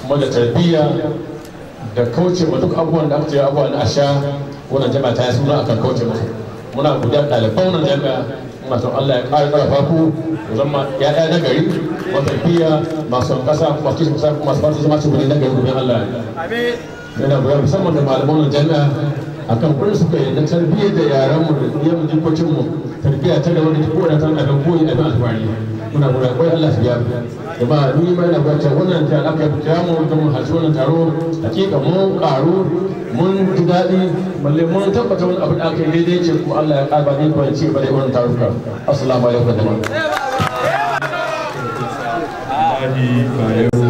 kuma da tarbiyya da kauce wa duk abubuwan da aka ce abubuwan a sha wannan jama'a ta yi suna akan kauce musu muna guda ɗaliban wannan jami'a muna son Allah ya ƙara ƙarfa ku ku zama ya'ya na gari masu tarbiyya masu ƙasa masu kishin ƙasa masu fata zama cikin na gari domin Allah yana goya musamman da malaman wannan jami'a akan kuɗin suka yi na tarbiyyar da yaran mu da yawan jikokin mu tarbiyya ta gaba da kowane ta abin koyi abin alfahari kuna muna wai Allah shi ya jama'a ni na ina gwata wannan taro aka yi ta mu ta mun hasu wannan taro hakika mun karu mun ji daɗi balle mun tabbata wani abu da aka yi daidai ce ko Allah ya karba ni ko ya ce bare wannan taro ka assalamu alaikum jama'a Alhaji Bayero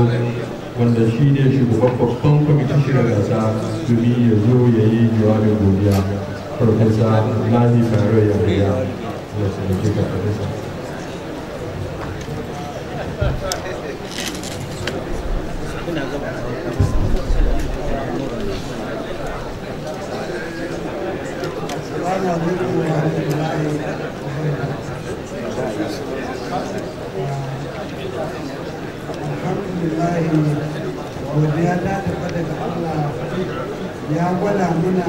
wanda shi ne shugaban babban kwamitin shirin gasa domin ya zo ya yi jawabin godiya Profesa Alhaji Bayero ya riya. Allah ya ya gwada muna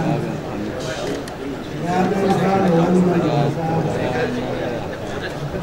ya ɗan fara wani matasa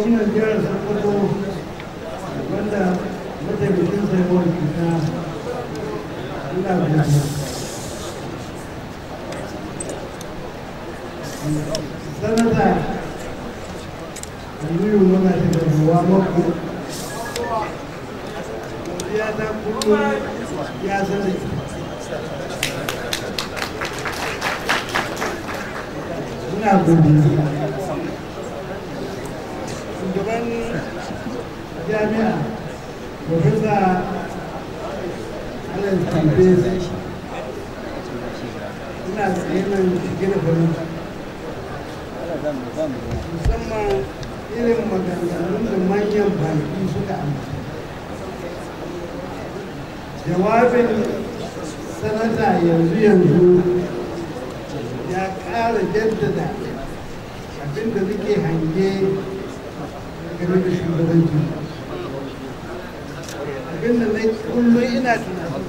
gwamnan jihar sokoto wanda mataimakin sai wani na ina godiya sanata aliyu muna shiga ruwa mako godiya ta kudu ya sani ina godiya kan tambaye ina tsaye nan shige da farin musamman irin maganganun da manyan baki suka amsa jawabin sanata yanzu yanzu ya ƙara jaddada abinda nake hange game da shugabancin abinda zai kullum ina tunani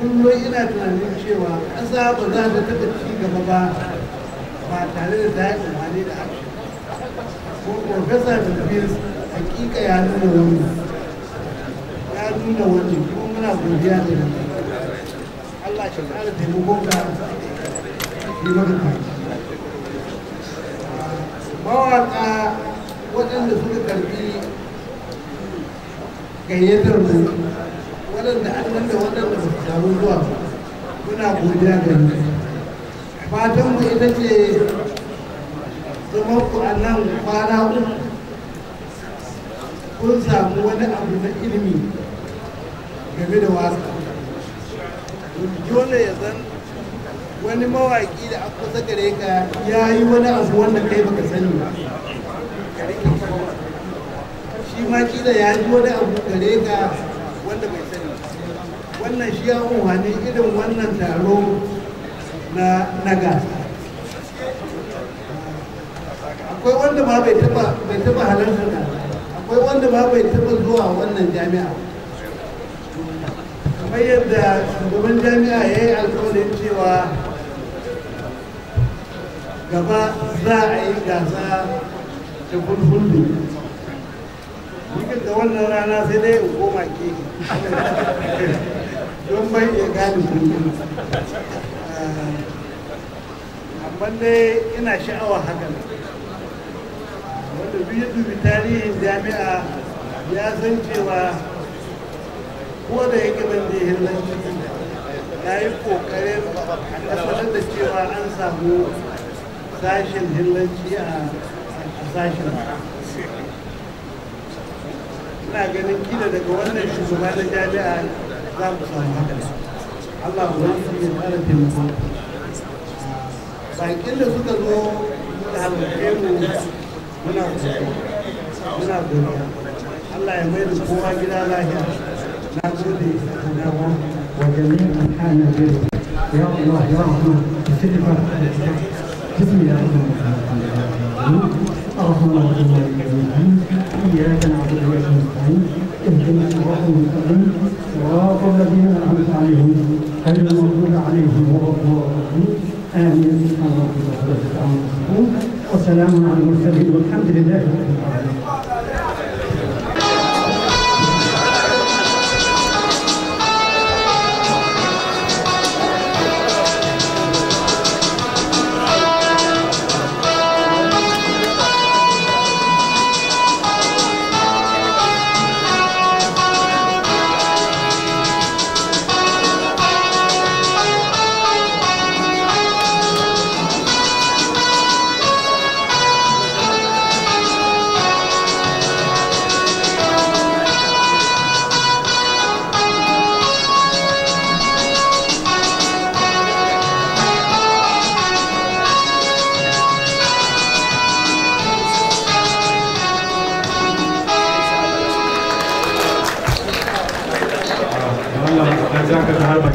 kullum ina tunanin cewa ƙasa ba za ta taɓa ci gaba ba ba tare da ta yi umarni da action ko profesa bilbis hakika ya nuna wani, ya nuna wani, kuma muna godiya da da Allah shi ƙara taimakon ka yi maka kwanci mawaƙa waɗanda suka karbi gayyatar mu waɗanda an da waɗanda ba su samu zuwa muna godiya da mu fatan mu ita ce zama ku a nan kwana uku kun samu wani abu na ilimi game da wasa dole ya zan wani mawaƙi da aka kusa gare ka ya yi wani abu wanda kai baka sani ba shi ma kila ya ji wani abu gare ka wanda bai sani wannan shi ya ne irin wannan taro na naga akwai wanda ma bai taba bai taba halarta da akwai wanda ma bai taba zuwa wannan jami'a kamar yadda shugaban jami'a ya yi alkawarin cewa gaba za a yi gasa da fulfullu da wannan rana sai dai in koma ke don bai iya gane ah, amma dai ina sha'awa haka wanda biyu dubi tarihin jami'a ya san cewa ko da yake ban jihin nan ya yi kokarin a da cewa an samu sashen hillanci a sashen ina ganin kila daga wannan shugaba na jami'a za mu samu haka da su Allah ba su yi fara taimako bakin da suka zo da halarce mu muna godiya muna godiya Allah ya mai da kowa gida lafiya na gode na gode wa jami'a kana gode يا الله يا رحمن استجب بسم الله الرحمن الرحيم الرحمن الرحيم إياك نعبد وإياك نستعين اهدنا الصراط المستقيم صراط الذين أنعمت عليهم غير المغضوب عليهم ولا الضالين آمين سبحان ربك رب العالمين وسلام على المرسلين والحمد لله رب العالمين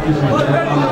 Thank you.